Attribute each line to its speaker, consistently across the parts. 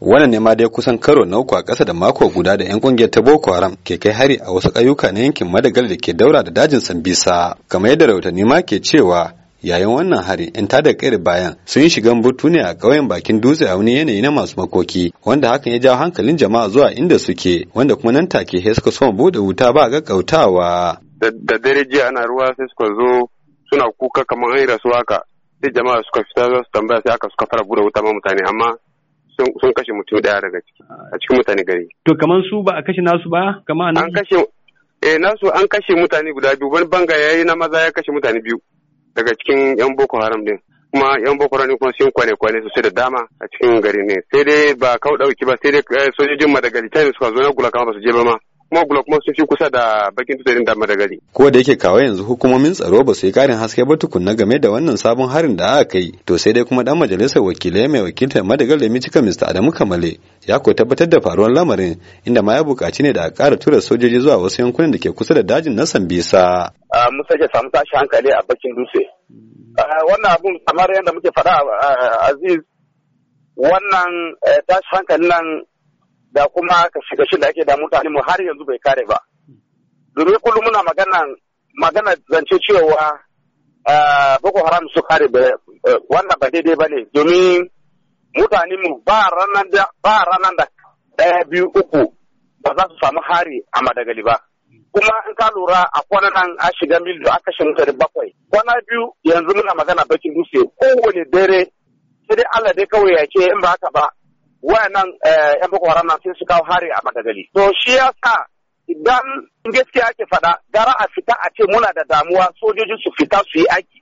Speaker 1: wannan ne ma dai kusan karo na uku a ƙasa da mako guda da 'yan kungiyar ta boko haram ke kai hari a wasu ƙauyuka na yankin madagal da ke daura da dajin sambisa kamar yadda rahotanni ma ke cewa yayin wannan hari yan tada kai bayan sun yi shigan butu ne a ƙauyen bakin dutse a wani yanayi na masu makoki wanda hakan ya jawo hankalin jama'a zuwa inda suke wanda kuma nan take sai suka soma bude wuta ba ga kautawa
Speaker 2: da dare jiya ana ruwa sai suka zo suna kuka kamar an rasu haka sai jama'a suka fita za su tambaya sai aka suka fara bude wuta ma mutane amma sun kashe mutum daya daga ciki a cikin mutane gari
Speaker 1: to kamar su ba a kashe nasu ba kaman an kashe
Speaker 2: eh nasu an kashe mutane guda biyu wani banga yayi na maza ya kashe mutane biyu daga cikin yan boko haram din kuma yan boko haram kuma sun kwane kwane sosai da dama a cikin gari ne sai dai ba kawo dauki ba sai dai eh, sojojin madagali ne suka zo na kama ba su je ba ma kuma gulo kuma sun fi kusa da bakin tutarin da madagari.
Speaker 1: Ko da yake kawai yanzu hukumomin tsaro ba su yi karin haske ba tukunna game da wannan sabon harin da aka kai to sai dai kuma dan majalisar wakilai mai wakiltar madagali michigan Mista Adamu Kamale ya ko tabbatar da faruwar lamarin inda ma ya buƙaci ne da a ƙara tura sojoji zuwa wasu yankunan da ke kusa da dajin na Sambisa.
Speaker 3: Mun sake samu tashi hankali a bakin dutse.
Speaker 4: Wannan abun kamar yadda muke faɗa Aziz wannan eh, tashi hankali nan da kuma shiga shi da ake da mutane mu har yanzu bai kare ba domin kullum muna magana magana zance cewa boko haram su kare eh, wannan ba daidai ba ne domin mutane mu ba ranar da da ɗaya biyu uku ba za su samu hari a madagali ba kuma in ka lura a kwanan nan a shiga mil a kashe mutane bakwai kwana biyu yanzu muna magana bakin dutse kowane dare sai dai Allah dai kawai ya ce in ba haka ba wayannan eh, yan boko haram sun su kawo hari a madagali to shi sa idan gaskiya ake faɗa gara a fita a ce muna da damuwa sojoji su fita su yi aiki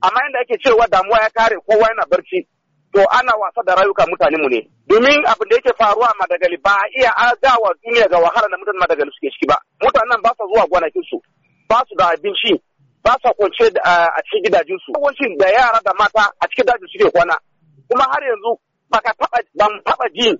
Speaker 4: amma yadda ake cewa damuwa ya kare kowa yana barci to ana wasa da rayuka mutane mu ne domin abin da yake faruwa a madagali ba a iya agawa duniya ga wahala da mutanen madagali suke ciki ba mutanen ba sa zuwa gonakin su ba su da abinci ba sa kwance eh, a cikin gidajen su da yara da mata a cikin dajin suke kwana kuma har yanzu baka taba ban taba jin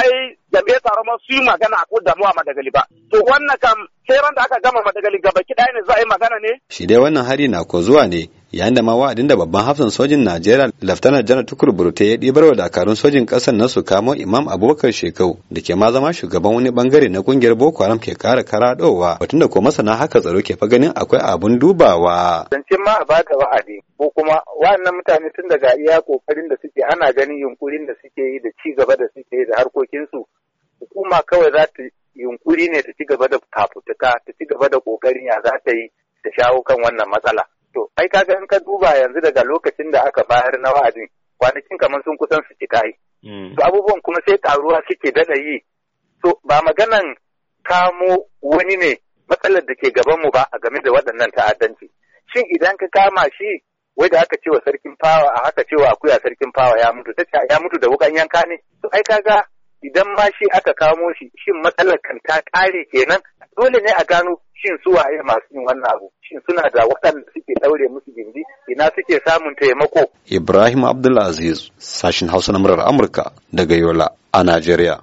Speaker 4: ai jami'ai taro ma su yi magana ko damuwa madagali ba to wannan kam sai ran da aka gama madagali gaba ki ne za a yi magana ne
Speaker 1: shi dai wannan hari na ko zuwa ne yayin da ma wa'adin da babban hafsan sojin Najeriya Laftanar Janar Tukur Burute ya ɗibar wa dakarun sojin ƙasar na su kamo Imam Abubakar Shekau da ke ma zama shugaban wani bangare na kungiyar Boko Haram ke ƙara karaɗowa batun da ko masana haka tsaro ke fa ganin akwai abun dubawa.
Speaker 3: Zance ma a bata wa'adi ko kuma wa'annan mutane tun daga iya kokarin da suke ana ganin yunkurin da suke yi da ci gaba da suke yi da harkokinsu hukuma kawai za ta yunkuri ne ta ci gaba da fafutuka ta ci gaba da kokarin ya za ta yi ta shawo kan wannan matsala. To, ai kaga in ka duba yanzu daga lokacin da aka bayar na wa'adin, kwanakin kamar sun kusan su cika yi. Hmm. To abubuwan kuma sai karuwa suke daɗayi. yi. To ba maganan kamo wani ne matsalar da ke gabanmu ba a game da waɗannan ta'addanci. Shin idan ka kama shi wai da aka cewa sarkin fawa a haka cewa akuya sarkin fawa ya mutu ta ya mutu da wukan yanka ne to ai kaga idan ma shi aka kamo shi shin matsalar kan ta ƙare kenan dole ne a gano shin su waye masu yin wannan abu shin suna da waɗanda suke ɗaure musu gindi ina suke samun taimako
Speaker 4: ibrahim abdulaziz sashin hausa na murar amurka daga yola a najeriya